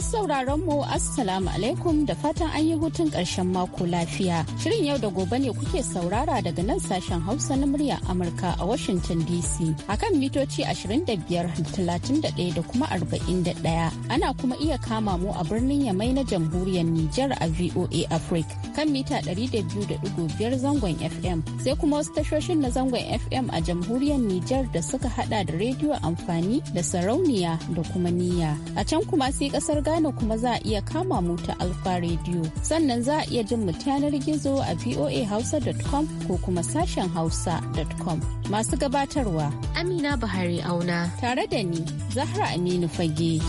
Masu sauraron mu Assalamu alaikum da fatan an yi hutun ƙarshen mako lafiya. Shirin yau da gobe ne kuke saurara daga nan sashen Hausa na murya Amurka a Washington DC akan mitoci 25,31 da kuma 41. Ana kuma iya kama mu a birnin Yamai na Jamhuriyar Nijar a VOA Africa kan mita 200.5 zangon FM. Sai kuma wasu tashoshin na zangon FM a Jamhuriyar Nijar da suka hada da rediyo amfani da sarauniya da kuma niyya. A can kuma sai kasar Ghana kuma za a iya kama mu ta Alfa Radio. Sannan za a iya jin mu yanar gizo a voahausa.com ko kuma sashen hausa.com. Masu gabatarwa Amina Buhari Auna. Tare da ni Zahra Aminu Fage.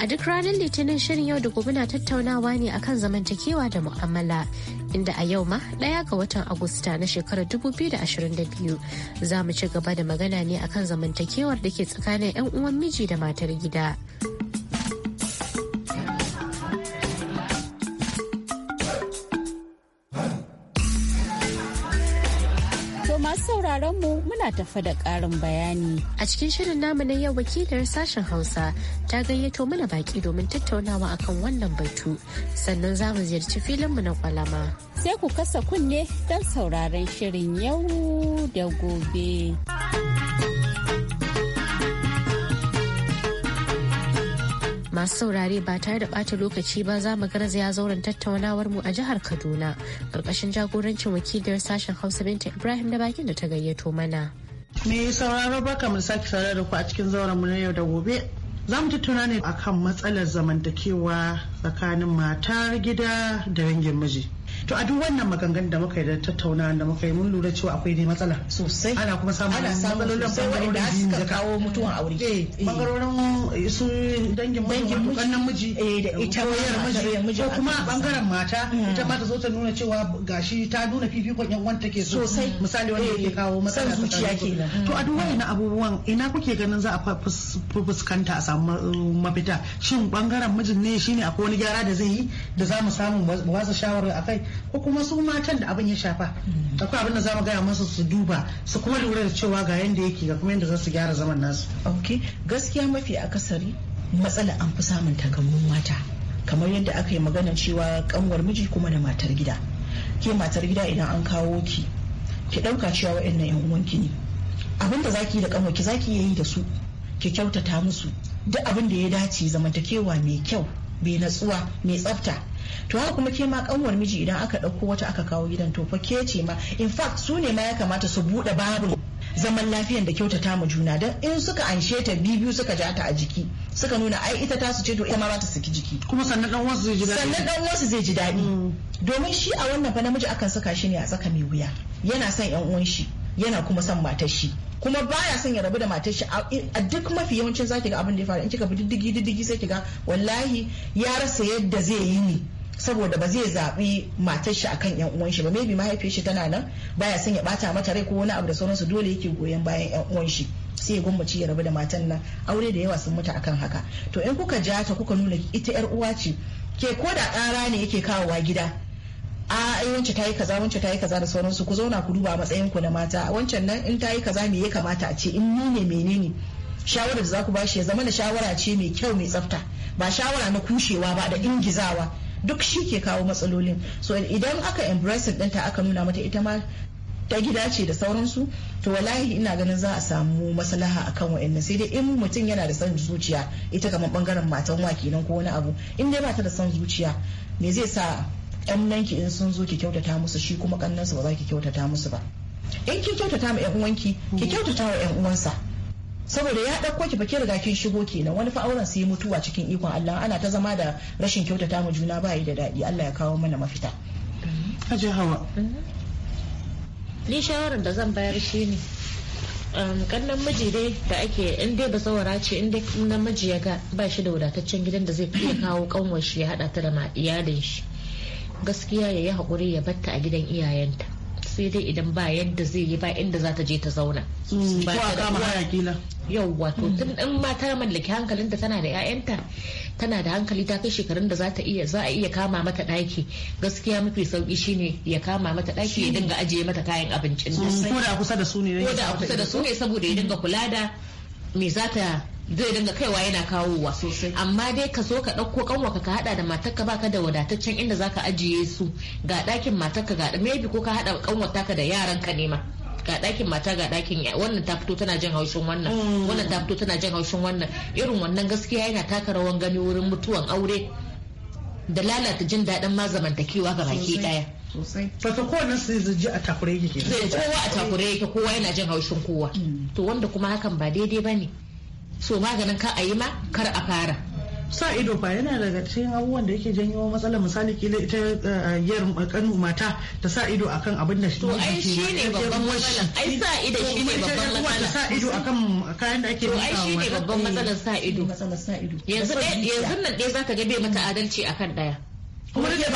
A duk ranar Litinin shirin yau da gobe na tattaunawa ne akan zamantakewa da mu'amala inda a yau ma ɗaya ga watan Agusta na shekarar 2022 za mu ci gaba da magana ne akan zamantakewar da ke tsakanin 'yan uwan miji da matar gida. sauraron muna tafa da ƙarin bayani. A cikin shirin namu na yau wakilar sashen Hausa ta gayyato mana baki domin tattaunawa akan wannan batu sannan za mu ziyarci filinmu na kwalama. Sai ku kasa kunne don sauraron shirin yau da gobe. masu saurare ba tare da bata lokaci ba za mu garzaya zauren tattaunawar mu a jihar Kaduna ƙarƙashin jagorancin wakiliyar sashen Hausa Binta Ibrahim da bakin da ta gayyato mana. Me sauraro baka mu sake tare da ku a cikin zauren mu na yau da gobe. Za mu tattauna ne akan matsalar zamantakewa tsakanin matar gida da dangin miji. to a duk wannan maganganun da muka yi da tattauna da muka yi mun lura cewa akwai ne matsala sosai ana kuma samun ana samun sosai wanda suka kawo mutuwan aure eh, eh bangarorin su dangin miji kannan miji eh da ita wayar miji ko kuma bangaren mata mm. ita ma ta zo ta nuna cewa gashi ta nuna fifikon yan wanta ke so sosai misali wanda yake eh, kawo matsala zuciya kenan mm. to a duk wannan abubuwan ina kuke ganin za a fuskanta a samu uh, mafita shin bangaren mijin ne shine akwai wani gyara da zai yi da za mu samu ba za shawara akai ko kuma su matan da abin ya shafa mm. akwai abin da za mu gaya masu su duba su kuma lura da cewa ga yanda yake ga kuma yanda za su gyara zaman nasu ok gaskiya mafi akasari matsala an fi samun takammun mata kamar yadda aka yi magana cewa kanwar miji kuma da matar gida ke matar gida idan an kawo ki ki ɗauka cewa waɗannan yan uwanki ne abin da zaki da kanwar ki zaki yi da su ki kyautata musu duk abin da ya dace zamantakewa mai kyau bai natsuwa mai tsafta to haka kuma ke ma kanwar miji idan aka ɗauko wata aka kawo gidan to fa ke ce ma in fact su ne ma ya kamata su buɗe babu zaman lafiyan da kyautata mu juna don in suka anshe ta biyu suka ja ta a jiki suka nuna ai ita ta su ce to ita ma za ta saki jiki kuma sannan dan wasu zai ji daɗi sannan dan wasu zai ji daɗi mm. domin shi a wannan fa namiji akan saka shi ne a tsaka mai wuya yana son yan uwan shi yana kuma son matar shi kuma baya son ya rabu da matar shi a duk mafi yawancin zaki ga abin da ya faru in kika bi diddigi diddigi sai kiga wallahi ya rasa yadda zai yi ni saboda ba zai zaɓi matar shi akan yan uwan shi ba maybe mahaifiyar shi tana nan baya son ya bata mata rai ko wani abu da sauransu dole yake goyon bayan yan uwan shi sai gwamnati ya rabu da matan nan aure da yawa sun mutu akan haka to in kuka ja ta kuka nuna ita yar uwa ce ke ko da ƙara ne yake kawowa gida a ai wance ta yi kaza Wancan ta yi kaza da sauransu ku zauna ku duba matsayin ku na mata wancan nan in ta yi kaza me ya kamata a ce in ni ne menene shawarar da za ku ba shi ya zama da shawara ce mai kyau mai tsafta ba shawara na kushewa ba da ingizawa duk shi ke kawo matsalolin so idan aka embracing ɗinta aka nuna mata ita ma ta gida ce da sauransu to wallahi ina ganin za a samu maslaha akan wa'annan sai dai in mutum yana da son zuciya ita kamar bangaren matan wa kenan ko wani abu in dai ba ta da son zuciya me zai sa ƙannanki in sun zo ki kyautata musu shi kuma ƙannansu ba za ki kyautata musu ba in ki kyautata ma yan uwanki ki kyautata wa yan uwansa saboda ya ɗauko ki baki riga kin shigo kenan wani fa auren sai mutuwa cikin ikon Allah ana ta zama da rashin kyautata mu juna ba yi da daɗi Allah ya kawo mana mafita aje Hawa ni shawarar da zan bayar shi ne kannan um, miji dai da ake in dai ba saura ce in dai namiji ya ga ba shi da wadataccen gidan da zai iya kawo kanwar shi ya hada ta da iyalin shi gaskiya ya yi haƙuri ya batta a gidan iyayenta sai dai idan ba yadda zai yi ba inda za ta je ta zauna. Hmm. Ba ta kama hayakila. Yawwa to hmm. tun ɗan mata mallaki hankalinta tana da 'ya'yanta tana da hankali ta kai shekarun da za a iya kama mata ɗaki gaskiya mafi sauki shine ya kama mata ɗaki ya dinga ajiye mata kayan abincin hmm. da kusa da su ne saboda ya dinga kula da me za ta zai dinga kaiwa yana kawowa sosai amma dai ka zo ka ɗauko kanwaka ka hada da matarka baka da wadataccen inda zaka ajiye su ga ɗakin matarka ga maybe ko ka hada kanwata ka da yaran ka nema ga ɗakin mata ga ɗakin wannan ta fito tana jin haushin wannan mm. wannan ta fito tana jin haushin wannan irin wannan gaskiya yana taka rawan gani wurin mutuwan aure da lalata jin daɗin ma zamantakewa ga baki ɗaya. sosai wato kowanne su zai ji a takure yake zai kowa a takure yake kowa yana jin haushin kowa mm. to wanda kuma hakan ba daidai ba ne so maganin ka a yi ma kar a fara sa ido ba yana daga cikin abubuwan da yake janyo matsalar misali kila ita eh, yar kanu eh, mata ta sa ido akan abin da shi ai shi ne babban matsalar ai sa ido shi ne babban matsalar sa ido akan kayan da ake to ai shi ne babban matsalar sa ido yanzu yanzu nan dai zaka ga bai mata adalci akan daya kuma ke ba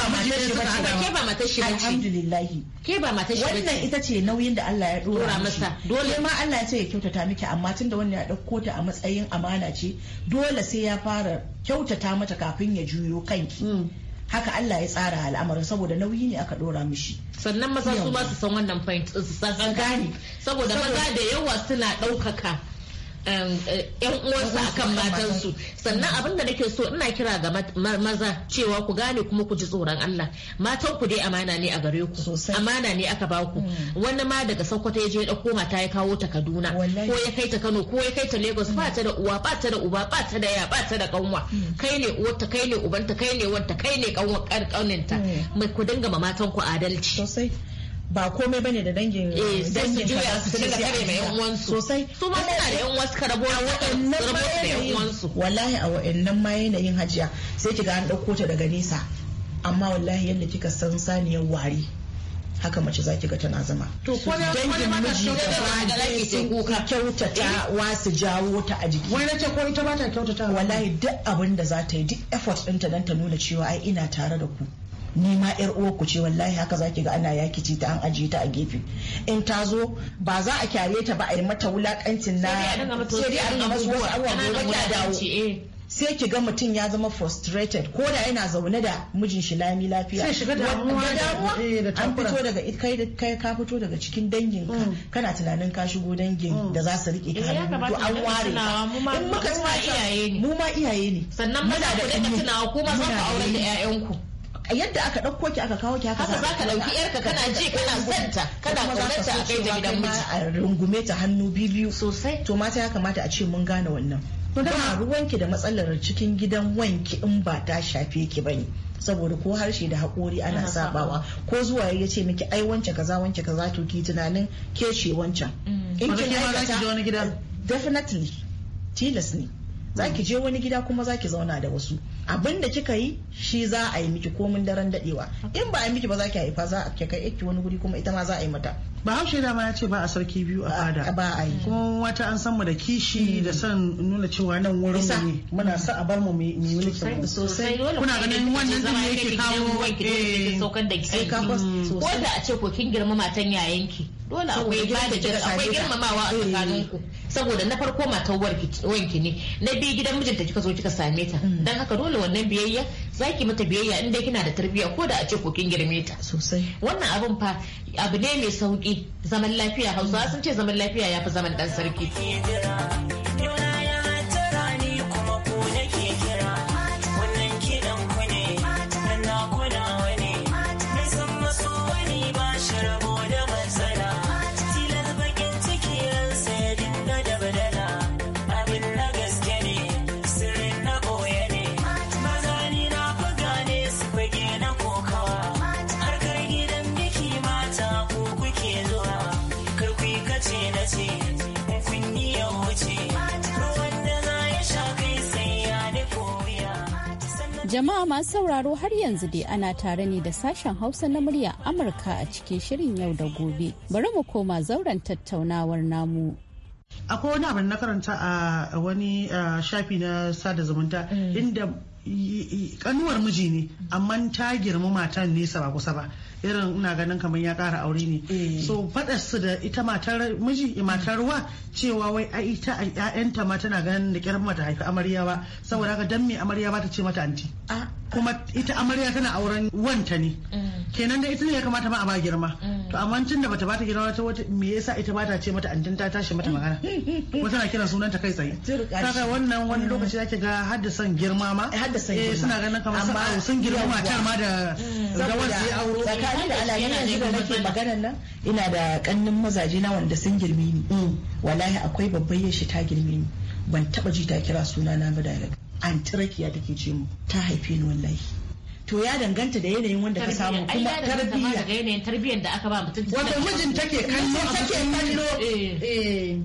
matar shi bace ke ba matar shi bace alhamdulillah ke ba matar shi bace wannan ita ce nauyin da Allah ya dora masa dole ma Allah ya ce ya kyautata miki amma tunda wannan ya dauko ta a matsayin amana ce dole sai ya fara kyautata mata kafin ya juyo kanki hmm. haka Allah ya tsara al'amarin saboda nauyi ne aka dora mishi sannan maza su ba su san wannan point su san gane saboda maza da yawa suna ɗaukaka Um, eh, yan uwansu akan matansu sannan abin da nake so ina kira ga maza cewa ku gane kuma ku ji tsoron Allah matan ku dai amana ne a gare ku amana ne aka ba ku hmm. wani ma daga Sokoto ya je ya koma ta ya kawo ta Kaduna ko ya kai ta Kano ko ya kai ta Lagos ba ta da uwa ba ta da uba ba ta da ya ba ta da kanwa hmm. kai ne uwarta kai ne ubanta kai ne wanta kai ne kanwa hmm. mai ku dinga ma matan ku adalci ba komai bane da dangin eh, dangin ka su dinga kare mai yan uwansu sosai su ma suna da yan uwansu ka rabo waɗannan ma yanayin wallahi a waɗannan ma yanayin hajiya sai kiga an ɗauko ta daga nesa amma wallahi yadda kika san saniyar wari haka mace za ki ga tana zama. To dangin miji gaba ɗaya sun kyautata eh? wa su jawo ta a jiki. Wani nace ko ita ba ta kyautata. Wallahi duk abin da za ta yi duk effort ɗinta dan ta nuna cewa ai ina tare da ku. ni ma yar uwar ku ce wallahi haka zaki ga ana ci ta an ajiye ta a gefe in ta zo ba za a kyare ta ba a yi mata wulakancin na sai dai a ga masu wasu abubuwa gobe ta dawo eh. sai ki ga mutum ya zama frustrated ko da yana zaune da mijin shi lami lafiya sai shiga damuwa eh, an fito daga kai kai ka fito daga cikin dangin ka mm. kana tunanin ka shigo dangin mm. da za su rike ka eh, to an ware in muka tsaya iyaye ne mu ma iyaye ne sannan maza ku da tunawa kuma za ku aure da ƴaƴanku a yadda aka ɗauko ki aka kawo ki haka za ka ɗauki yarka kana ji kana zanta kana kaunarta a kai ta gidan miji a rungume ta hannu biyu sosai to mata ya kamata a ce mun gane wannan ruwan ki da matsalar cikin gidan wanki in ba ta shafe ki bane saboda ko harshe da haƙori ana sabawa ko zuwa ya ce miki ai wancan kaza wancan kaza to ki tunanin ke ce wancan mm. in kin gidan definitely tilas ne za ki je wani gida kuma za ki zauna da wasu abin da kika yi shi za a yi miki komin daren dadewa in ba a yi miki ba za ki haifa za a kai ki wani guri kuma ita ma za a yi mata Ba bahaushe dama ya ce ba a sarki biyu a fada ba a yi kuma wata an san mu da kishi mm. da san nuna cewa nan wurin mu ne muna sa a bar mu mu yi mulki sosai kuna ganin wannan din ne yake kawo eh saukar da kishi mm. ko da a ce ko kin girma matan yayanki dole akwai ba da akwai girmamawa a tsakaninku eh. saboda na farko matar wanki ne na biyu gidan mijinta kika zo kika same ta hmm. dan haka dole wannan biyayya zaki mata biyayya inda kina da tarbiyya ko da a ce kokin girme ta sosai wannan abun fa abu ne mai sauki zaman lafiya hausawa sun ce zaman lafiya ya fi zaman dan sarki Jama'a masu sauraro har yanzu dai ana tare ne da sashen Hausa na murya Amurka a cikin shirin yau da gobe. Bari mu koma zauren tattaunawar namu. Akwai wani abu na karanta a wani shafi na sada zumunta mm. inda kanuwar miji ne mm. amma ta girma matan nesa ba kusa ba. irin ina ganin kamar ya kara aure ne eh. so faɗar su da ita matar miji matar ruwa cewa wai a ita a ƴaƴanta ma tana ganin da kyar mata haifi amarya ba saboda haka dan me amarya ba ta ce mata anti kuma ita amarya tana auren wanta ne mm. kenan da ita ne ya kamata ma a ba girma mm. to amma tun da bata bata girma ta wata me yasa ita bata ce mata an ta tashi mata magana kuma tana kiran sunan ta kai tsaye kaga wannan wani mm. lokaci zaki ga haddasan girma ma eh girma suna ganin kamar sun sun girma ta ma da rawar sai auro tsakani da alamin yanzu da nake maganar nan ina da kannin mazaje na wanda sun girme ni wallahi akwai babban yashi ta girme ni ban taba ji ta kira suna na ba direct antirakiya take ce mu ta haife ni wallahi to ya danganta da yanayin wanda ka samu kuma tarbiyya daga yanayin tarbiyyar da aka ba mutum wanda mijin take kallo take kallo eh. Eh.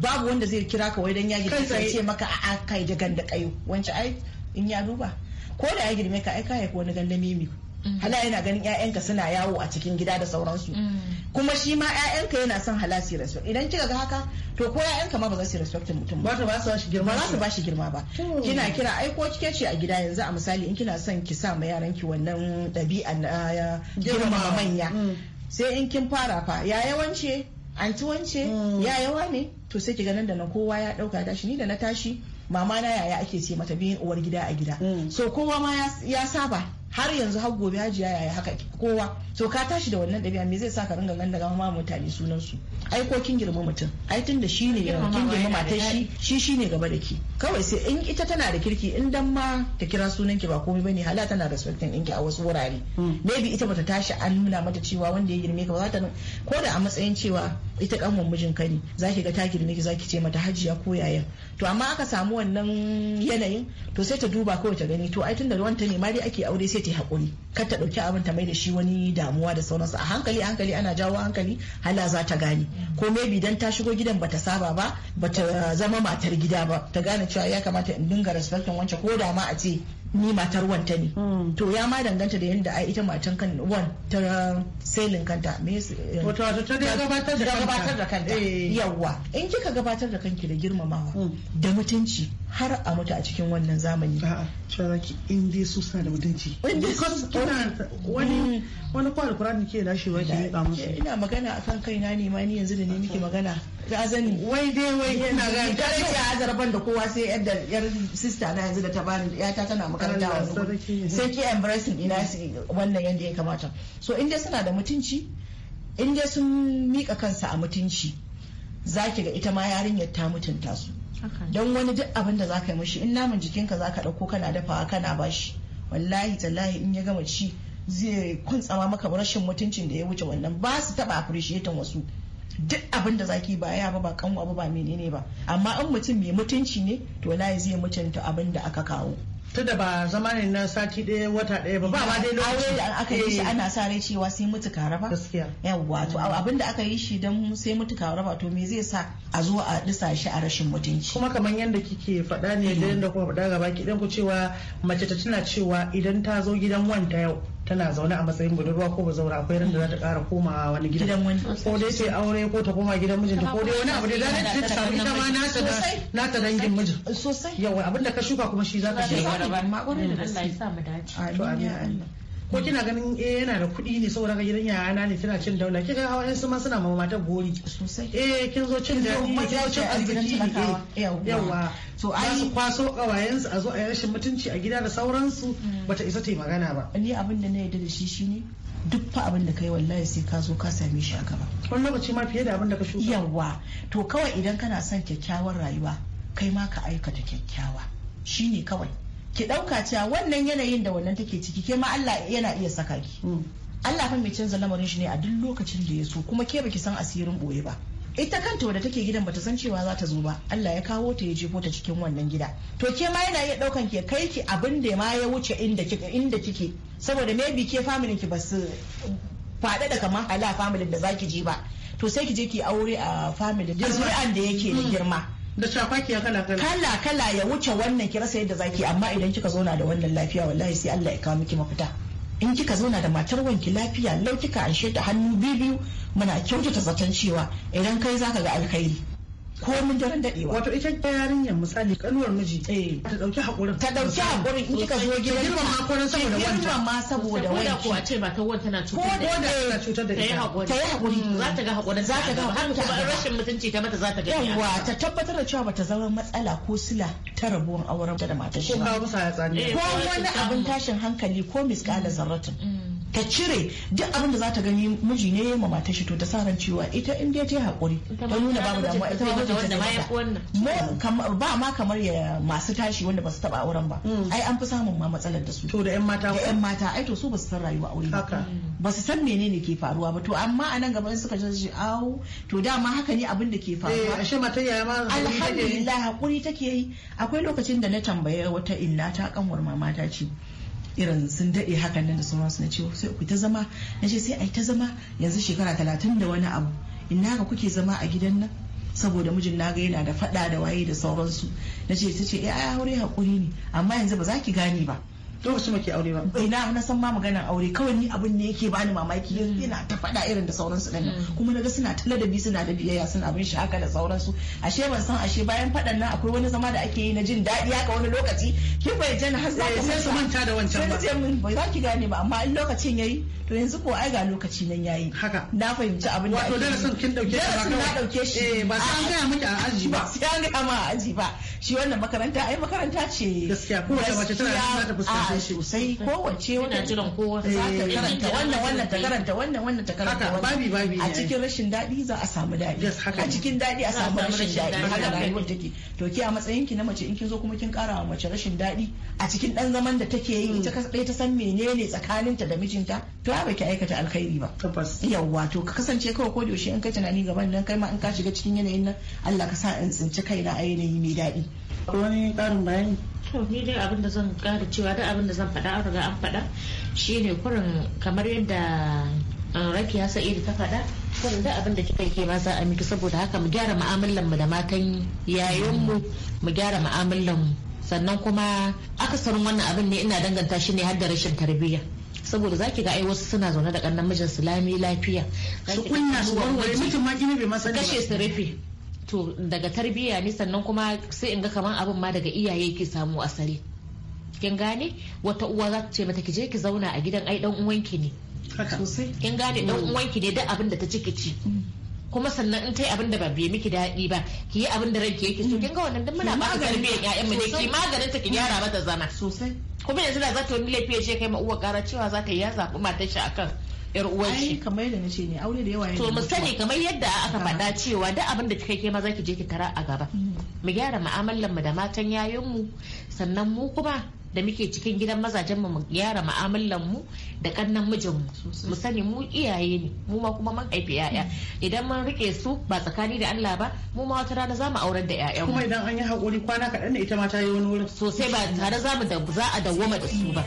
babu wanda zai kira ka wai dan ya girme sai ce maka a'a kai da ganda kayo wance ai in ya duba ko da ya girme ka ai ka haifi wani ganda mimi Mm. hala yana ganin 'ya'yanka suna yawo a cikin gida da sauransu mm. kuma shi ma 'ya'yanka yana son hala su respect idan kika ga haka to ko 'ya'yanka ma ba za su respect mutum ba ba su bashi girma ba su ba girma ba kina kira ai ko kike ce a gida yanzu a misali in kina son ki sa ma yaran ki wannan ɗabi'a na girma manya mm. sai in kin fara fa ya yawance anti wance ya yawa ne to sai ki ganin da na kowa ya dauka tashi ni da na tashi mama na yaya ake ce mata biyan uwar gida a gida so kowa ma ya saba har yanzu har gobe hajiya yaya haka kowa to ka tashi da wannan ɗabi'a me zai sa ka ringa ganda ma mutane sunan su ai ko kin girma mutum ai tun da shi ne kin girma matar shi shi shine gaba da ki kawai sai in ita tana da kirki in dan ma ta kira sunan ki ba komai bane hala tana respecting ɗinki a wasu wurare hmm. maybe ita bata tashi an nuna mata cewa wanda ya girme ka ba za ta ko da a matsayin cewa ita kanwan mijin ka ne za ki ga ta girme ki zaki ce mata hajiya ko yaya to amma aka samu wannan yanayin to sai ta duba kawai ta gani to ai tun da ruwan ne ma dai ake aure sai ta haƙuri kar ta ɗauki abin ta mai da shi wani damuwa da sauransu a hankali hankali ana jawo hankali hala za ta gane ko maybe dan ta shigo gidan bata saba ba bata uh, zama matar gida ba ta gane cewa ya kamata in dinga respectin wancan ko da ma a ce ni matar wanta ne mm. to ya ma danganta da yadda ita matan kan wan ta selin kanta me eh, wato ta gabatar da gabatar da kanta eh. yawa in kika gabatar da kanki da girmamawa mm. da mutunci har a mutu a cikin wannan zamani a'a cewa ki in dai su suna da mutunci wani mm. wani kwa alkurani ke lashewa ke yi musu ina magana akan kaina ne ma ni yanzu da ne nake magana ta wai dai wai ina ga daraja azarban da kowa sai yadda yar sister na yanzu da ta bani ya ta tana makaranta wani sai ki embracing ina su wannan yadda ya kamata so in dai suna da mutunci in dai sun mika kansa a mutunci zaki ga ita ma yarinyar ta mutunta su don wani duk abin da zaka yi mishi in naman jikinka zaka dauko kana dafawa kana bashi wallahi tallahi in ya gama ci zai kuntsama maka rashin mutuncin da ya wuce wannan ba su taba appreciating wasu duk abin da zaki ba ya ba ba kanwa ba ba menene ba amma in mutum mai mutunci ne to wallahi zai mutunta abin da aka kawo da ba zamanin na sati ɗaya wata ɗaya ba ba ma dai lokaci da aka yi shi eh. ana sa rai cewa sai mutu kare ba gaskiya yawa to abin da aka yi shi dan sai mutu kare ba to me zai sa a zo a disa shi a rashin mutunci kuma kamar yadda kike faɗa ne da yadda kuma faɗa gaba ki dan ku cewa mace ta tana cewa idan ta zo gidan wanta yau tana zaune a matsayin budurwa ko ba zaura akwai ran da za ta kara komawa wani gidan ko dai sai aure ko ta koma gidan mijinta ko dai wani abu da za ta samu ita ma nata da nata dangin mijin sosai yawa abinda ka shuka kuma shi za ka shi to amin ko kina ganin eh yana da kuɗi ne saboda ga gidan yana ne tana cin daula kika hawa su ma suna ma mata gori sosai eh kin zo cin daɗi kin zo cin arziki ne eh, yawa to ai su kwaso kawayensu a zo a yi rashin mutunci a gida da sauransu mm. bata isa ta yi magana ba ni abin da na yarda da shi shine duk fa abin da kai wallahi sai ka zo ka same shi a gaba wani lokaci ma fiye da abin da ka shuka yawa to kawai idan kana son kyakkyawar rayuwa kai ma ka aikata kyakkyawa shine kawai ki ɗauka cewa wannan yanayin da wannan take ciki ke ma Allah yana iya saka ki mm. Allah fa mai canza lamarin shi ne a duk lokacin da ya so kuma ke baki san asirin boye ba ita kanta wadda take gidan bata san cewa za ta zo ba Allah ya kawo ta ya jefo ta cikin wannan gida to ke ma yana iya ɗaukan ke kai ki abin da ma ya wuce inda kike inda kike saboda maybe ke familin ki basu faɗa da kamar hala familin da zaki je ba to sai ki je ki aure a family da zuri'an da yake da girma da ya kala kala kala kala ya wuce wannan ki rasa yadda zaki amma idan kika zo zauna da wannan lafiya wallahi sai Allah ya kawo miki mafita in kika zo na da matar wanki lafiya lau kika anshe ta hannu biyu muna kyautata zaton cewa idan kai zaka ga alkhairi ko mun daren daɗewa. wato ita yarinyar misali kanuwar miji eh. ta dauki haƙurin. ta dauki haƙurin in kika zo gidan girma ma kwanan saboda wanda girma ma saboda wanda ko da ce ba ta wanda tana cutar da ko da cutar da ta yi hakuri ta yi hakuri mm. za ta ga hakuri za ta ga ta ba rashin mutunci ta mata za ta ga yawa ta tabbatar da cewa ba ta zama matsala ko sila ta rabuwar auren da matar shi ko wani abin tashin hankali ko miskala zarratin mm. ta cire duk abin da za ta gani miji ne ya mamata shi to ta sa ran cewa ita in dai ta hakuri ta nuna babu damuwa ita ma da ta ba ba ma kamar ya masu tashi wanda ba su taba auren ba mm. ai an fi samun ma matsalar da su to da yan mata da yan mata ai to su ba su san rayuwa aure ba ba su san menene ke faruwa ba to amma a nan in suka ji awo to dama haka ne abin da ke faruwa eh, ashe mata yaya ma alhamdulillah hakuri take yi akwai lokacin da na tambaye wata inna ta kanwar mamata ce irin sun daɗe hakan nan da sauransu na ce oh, sai ku ta zama na ce sai ai ta zama yanzu shekara talatin da wani abu ina haka kuke zama a gidan nan saboda mijin na ga yana da faɗa da waye da sauransu na ce ta ce eh, ai aure haƙuri ne amma yanzu ba za ki gane ba lokacin muke aure ba ina na san ma maganar aure kawai ni abin ne yake bani mamaki yana mm. ta faɗa irin da sauransu din mm. kuma naga suna ta ladabi suna da biyayya suna bin shi haka da sauransu ashe ban san ashe bayan faɗan nan akwai wani zama da ake yi na jin daɗi haka wani lokaci kin bai na har za ka eh, sai su manta da wancan ba sai mun ba za ki gane ba amma in lokacin yayi to yanzu ko ai ga lokaci nan yayi haka na fahimci abin da wato darasin kin dauke shi ba na dauke shi eh, ba sai an gaya miki a aji ba sai an gaya ma aji ba shi wannan makaranta ai makaranta ce gaskiya ko wace mace tana da fuskanta shi sai kowace wata ta karanta wannan wannan ta karanta wannan wannan ta karanta babi babi a cikin rashin daɗi za a samu daɗi a cikin daɗi a samu rashin daɗi haka rayuwar take to ki a matsayin ki na mace in kin zo kuma kin ƙara wa mace rashin daɗi a cikin ɗan zaman da take yi ita hmm. kaɗai ta san menene tsakaninta da mijinta to ya baki aikata alkhairi ba tabbas yawwa to ka kasance kawai ko yaushe in ka tunani gaban nan kai ma in ka shiga cikin yanayin nan Allah ka sa in tsinci kaina a yanayi mai daɗi wani karin bayani to ni dai abin da zan kara cewa da abin da zan faɗa an riga an faɗa shine kurin kamar yadda uh, rakiya sa'idu ta faɗa kurin da abin da kika ke ma za a miki saboda haka mu gyara mu'amalan mu da matan yayin mu mu gyara mu'amalan mu sannan kuma akasarin wannan abin ne ina danganta shi ne har da rashin tarbiyya saboda zaki ga ai wasu suna zaune da kannan mijin su lami lafiya su kunna su warware mutum ma gini bai masa kashe su rufe to daga tarbiyya ne sannan kuma sai in ga kamar abin ma daga iyaye ke samu asali kin gane wata uwa za ta ce mata ki je ki zauna a gidan ai dan uwan ki ne sosai kin gane dan uwan ki ne duk abin da ta ciki ci mm. kuma sannan in ta yi abin da ba bai miki daɗi ba ki yi abin da ranki yake so mm. kin ga wannan duk muna ba ka tarbiyyar ƴaƴan mu ne ki maganin ta ki gyara mata zama sosai kuma yanzu da za ta wani laifi ya ce kai ma uwa ƙara cewa za ta yi ya zaɓi matar shi akan yar uwar shi kamar yadda nace ne aure da yawa yana to mu sani kamar yadda aka faɗa cewa duk abin da kika ke ma zaki je ki tara a gaba mm. mu gyara mu'amalar mu da matan yayin mu sannan mu kuma da muke cikin gidan mazajen mu gyara mu'amalar mu da kannan mijin mu mu sani mu iyaye ne mu ma kuma mun aifi yaya mm. idan mun rike su ba tsakani da Allah ba mu ma wata rana zamu aurar da yayan kuma idan an yi hakuri kwana kaɗan da ita ma ta yi wani wurin sosai ba tare zamu da za a dawoma da su ba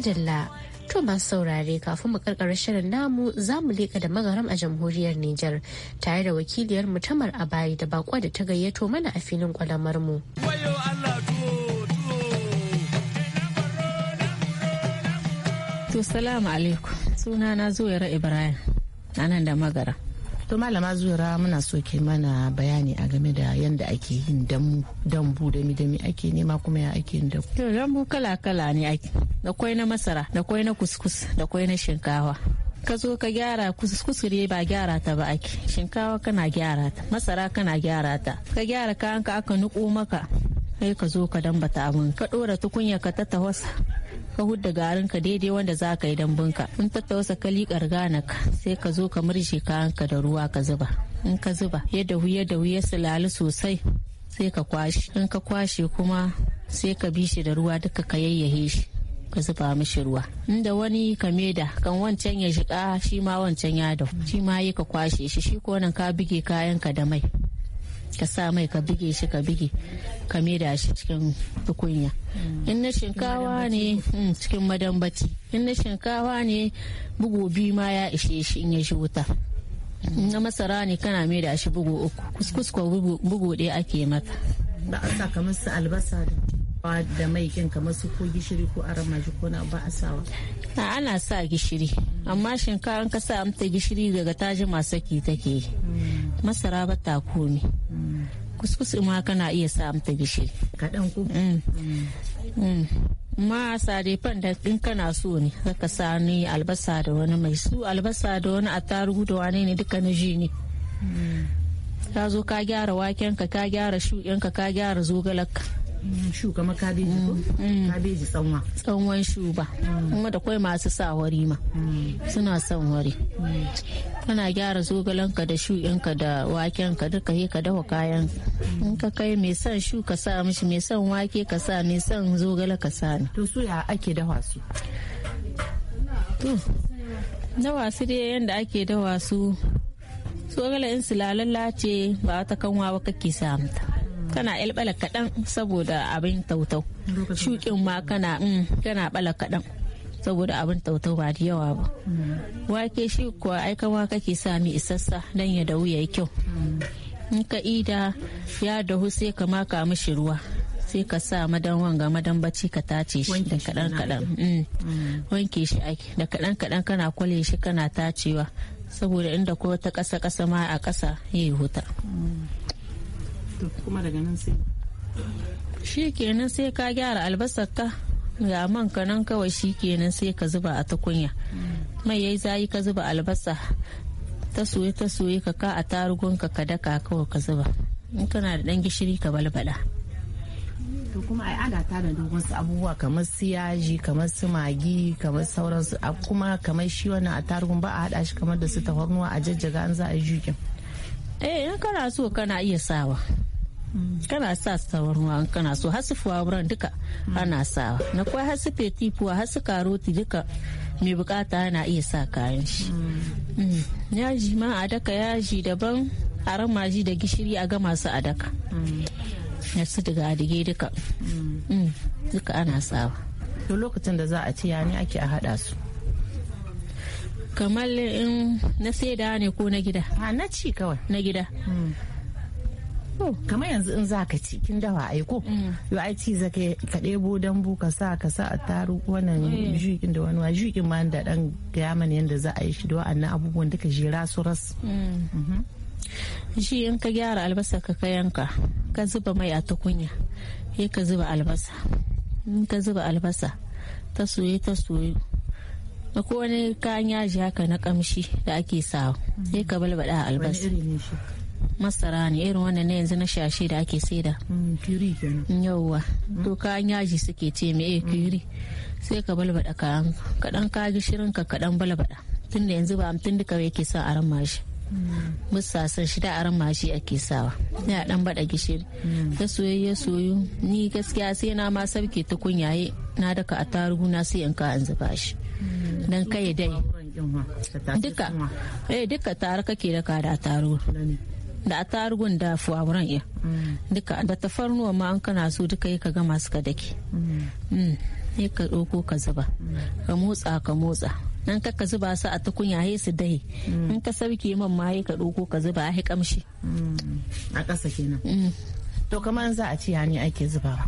Madalla. To masu saurare kafin mu karkar shirin namu za mu leƙa da magaram a jamhuriyar Nijar tare da wakiliyar mutamar a Abayi da bakwa da ta gayyato mana a filin kwalamar mu. To salamu alaikum sunana zuwaira Ibrahim nan da magara. to malama zuwa muna so ke mana bayani a game da yadda ake yin dambu dambu dami dami ake nema kuma ya ake yin dambu to dambu kala kala ne ake da kwai na masara da kwai na kuskus da kwai na shinkawa ka zo ka gyara kuskure ba gyara ta ba ake shinkawa kana gyara ta masara kana gyara ta ka gyara ka kayanka aka nuko maka kai ka zo ka dambata abin ka dora tukunya ka ta tawasa ka hudda garin ka daidai wanda za ka yi ka. in ta tawasa ka liƙar ka sai ka zo ka murje kayanka da ruwa ka zuba in ka zuba yadda huye da huye sulali sosai sai ka kwashe in ka kwashe kuma sai ka bi shi da ruwa duka ka yayyahe shi ka zuba mishi ruwa inda wani ka da kan wancan ya shiga shi ma wancan ya dau shi ma yi ka kwashe shi shi ko nan ka buge kayan ka da mai ka sa mai ka bige shi ka bige ka da shi cikin tukunya in na shinkawa ne hmm, cikin madambaci in na shinkawa ne bugu biyu ma ya ishe shi in ya shi wuta na masara ne kana da shi bugu uku kuskus bugu ɗaya ake mata ba a da mai kin kamar su ko gishiri ko aramaji ko na ba a sawa a ana sa gishiri amma shinkaran ka sa amta gishiri daga taji ki take mm. masara ba ta komi mm. kuskus ma kana iya sa amta gishiri kaɗan ku mm. ma fan da in kana so ne zaka sa ni albasa da wani mai su albasa da wani attarugu da wane ne duka na ji ne ka zo ka gyara wakenka ka gyara shuɗinka ka gyara zogalarka shuka ma kabeji ko mm. Mm. kabeji tsanwa tsanwan shuba mm. kuma da kwai masu sa wari ma suna son wari kana gyara zogalanka da shuɗinka da wakenka duka he ka dawa kayan in ka kai mai son shu ka sa mishi mai son wake ka sa mai son zogale ka sa ni to su ya ake dawa su to dawa su dai yanda ake dawa su zogale in su lalala ce ba ta kanwa ba kake samu ta kana ƴalɓala kaɗan saboda abin tautau shukin ma kana mm, kana ɓala kaɗan saboda abin tautau ba da yawa ba mm. wake shi kuwa aikawa kake sami isassa dan ya dawu yayi kyau mm. in ka ida ya dahu sai ka maka mishi ruwa sai ka sa madan wanga madan bacci ka tace shi da kaɗan kaɗan wanke shi ake da kadan kadan kana kwale shi kana tacewa saboda inda ko ta kasa kasa ma a kasa yi huta to kuma daga nan sai shi kenan sai ka gyara albasar ka ga man ka nan kawai shi kenan sai ka zuba a tukunya mai yayi zayi ka zuba albasa ta soye ta soye ka ka a tarugun ka ka daka kawai ka zuba in kana da dan gishiri ka balbala to kuma ai ana tana da wasu abubuwa kamar su yaji kamar su magi kamar sauransu kuma kamar shi wannan a tarugun ba a hada shi kamar da su tafarnuwa a jajjaga an za a yi jukin eh in kana so kana iya sawa kana sa sawarwa an kana so hasu wurin duka ana sawa na kwa hasu hasu karoti duka mai bukata ana iya sa kayan shi mm. Mm. yaji ma a daka yaji daban a ji da gishiri a gama su a daka mm. su daga adige duka duka ana sawa to lokacin da za a ci ya ne ake a hada su kamar in na da ne ko na gida na ci kawai na gida to kamar yanzu in zaka ci kin dawa ai ko yo mm. ai ci zaka ka debo dambu ka sa ka sa attaru wannan mm. jikin da wani jikin ma da dan gaya mana yanda za a yi shi da wa'annan abubuwan duka jera su ras mm. mhm. shi in ka gyara albasa ka kayanka ka zuba mai a tukunya sai ka zuba albasa in ka zuba albasa ta soye ta soyu akwai kowane kayan yaji haka na kamshi da ake sawa sai ka balbada albasa masara ne irin wannan ne yanzu na shashe da ake saida kiri mm, kenan yawwa mm. to kayan yaji suke ce mai eh kiri mm. sai ka balbada kayan kadan ka gishirin ka kadan balbada tunda yanzu ba amtin duka yake sa aran mashi musa san shi da aran mashi ake sawa sai a dan bada gishiri ta soyayya soyu ni gaskiya sai na ma sabke ta kunyaye na daka a tarugu na sai in ka an zuba shi dan kai dai duka eh duka tare kake da ka da tarugu da attarugun da fuwaburan iya mm. duka da tafarnuwa ma an kana so duka yi ka gama ka dake sai mm. mm. ka ɗauko ka zuba ka motsa ka motsa nan ka ka zuba su a tukunya ya su dahi in ka sauke man ma ka ɗauko ka zuba a kamshi a ƙasa kenan to kamar za a ci ne ake zubawa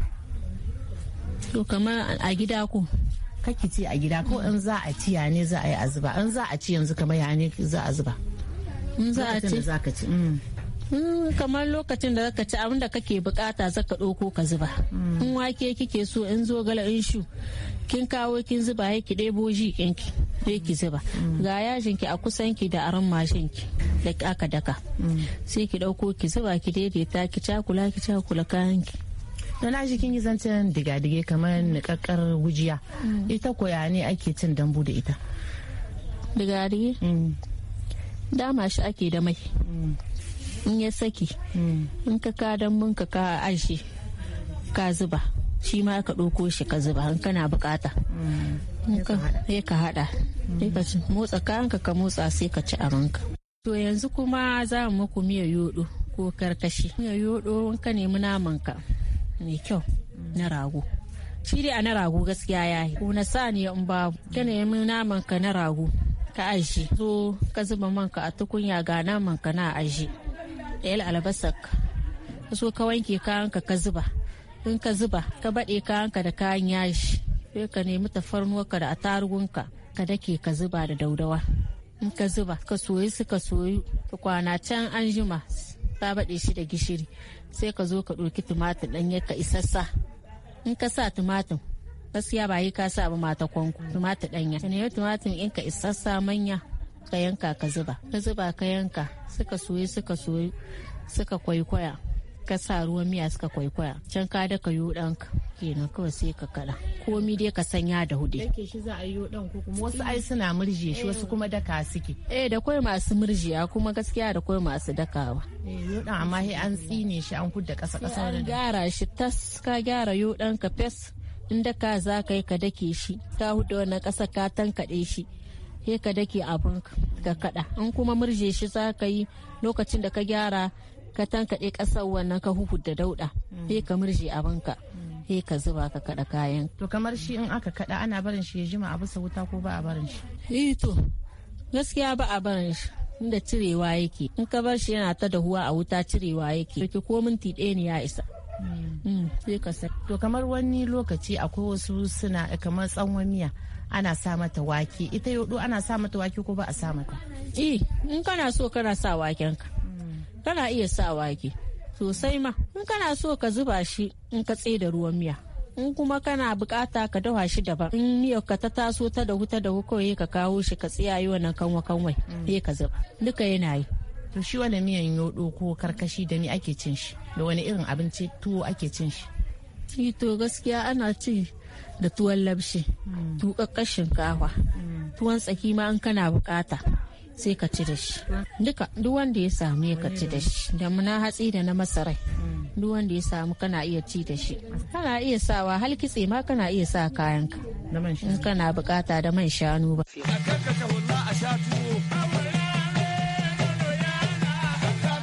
to kamar a gida ko kake ci a gida ko in za a ci ne za a yi a zuba in za a ci yanzu kamar ya ne za a zuba in za a ci Hmm, kamar lokacin da zaka ci abin da kake bukata zaka ɗauko ka zuba in wake kike so in zo gala in shu kin kawo kin zuba ya ki ɗebo ji kinki sai ki zuba ga yajin ki a kusan ki da aran mashin ki da aka daka sai ki ɗauko ki zuba ki daidaita ki cakula ki cakula kayan ki na yi zancen diga-dige kamar nikakkar wujiya hmm. ita koya ne ake cin dambu da ita diga-dige hmm. dama shi ake da mai in ya saki in ka ka dan mun ka ka aji ka zuba shi ma ka ɗauko shi ka zuba in kana bukata ya ka hada motsa kayanka ka motsa sai ka ci abinka to yanzu kuma za mu muku miyar yodo ko karkashi miyar yodo ka nemi namanka mai kyau na rago shi dai a na rago gaskiya ya yi ko na saniya in babu ka nemi namanka na rago ka aji zo ka zuba manka a tukunya ga namanka na aji ɗayar albasak so ka wanke kayanka ka zuba in ka zuba ka baɗe kayanka da kayan yashi sai ka nemi tafarnuwarka da atarugunka ka dake ka zuba da daudawa in ka zuba ka soyi su ka soyu ka kwana can an jima ka baɗe shi da gishiri sai ka zo ka ɗauki tumatir ɗanye ka isassa in ka sa tumatir gaskiya ba yi ka sa ba mata kwanku tumatir ɗanya ka nemi tumatir in ka isassa manya ka yanka ka zuba ka zuba ka yanka suka soyi suka soyi suka kwaikwaya ka sa ruwan miya suka kwaikwaya can ka daka yi ɗanka kenan kawai sai ka kala komi dai ka sanya da hudu yake shi za a yi ɗan ko kuma wasu ai suna murje shi wasu kuma daka suke eh da koi masu murjiya kuma gaskiya da koi masu dakawa eh yo ɗan amma sai an tsine shi an kudda ƙasa ƙasa an gyara shi tas ka gyara yo ɗan ka fes in daka za ka yi ka dake shi ka hudu wannan ƙasa ka tankaɗe shi he ka dake abin ka kada in kuma murje shi za ka yi lokacin da ka gyara ka tankaɗe ƙasar wannan ka da dauɗa mm. he ka murje ka mm. he ka zuba ka kada kayan to kamar shi in aka kada ana barin shi ya jima a bisa wuta ko ba a barin shi eh to gaskiya ba a barin shi inda cirewa yake in ka bar shi yana ta dahuwa a wuta cirewa yake ko minti ɗaya ne ya isa mm. to kamar wani lokaci akwai wasu suna kamar tsawon miya ana sa mata wake ita yodo ana sa mata wake ko ba a sa mata eh in kana so kana sa waken ka kana iya sa wake sosai ma in kana so ka zuba shi in ka tsaye da ruwan miya in kuma kana bukata ka dawa shi daban in miyar ka ta taso ta da huta da kawai ka kawo shi ka yi wannan kanwa kanwai mm. sai ka zuba duka yana yi to shi wani miyan yodo ko karkashi da ni ake cin shi da wani irin abinci tuwo ake cin shi eh, to gaskiya ana cin da tuwon labshi mm. tuƙaƙƙar shinkafa mm. tuwon tsaki ma in kana bukata sai ka ci da shi duka duk wanda ya samu ya ka ci da shi da muna hatsi da na masarai mm. duk wanda ya samu kana iya ci da shi kana iya sawa hal kitse ma kana iya sa kayanka in kana bukata da man shanu ba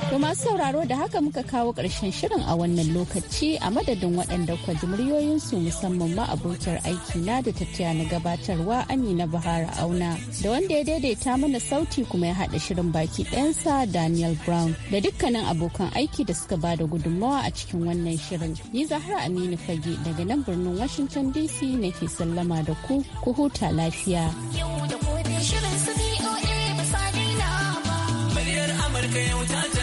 To masu sauraro da haka muka kawo ƙarshen shirin a wannan lokaci a madadin waɗanda kwa muryoyinsu musamman ma abokiyar aiki na da tafiya na gabatarwa Amina Bahara Auna da wanda ya daidaita mana sauti kuma ya haɗa shirin baki ɗansa Daniel Brown da dukkanin abokan aiki da suka bada gudunmawa a cikin wannan shirin. Ni Zahra Aminu Fage daga nan birnin Washington DC nake sallama da ku ku huta lafiya. Yau da shirin su ba sa daina ba. Muryar Amurka yau ta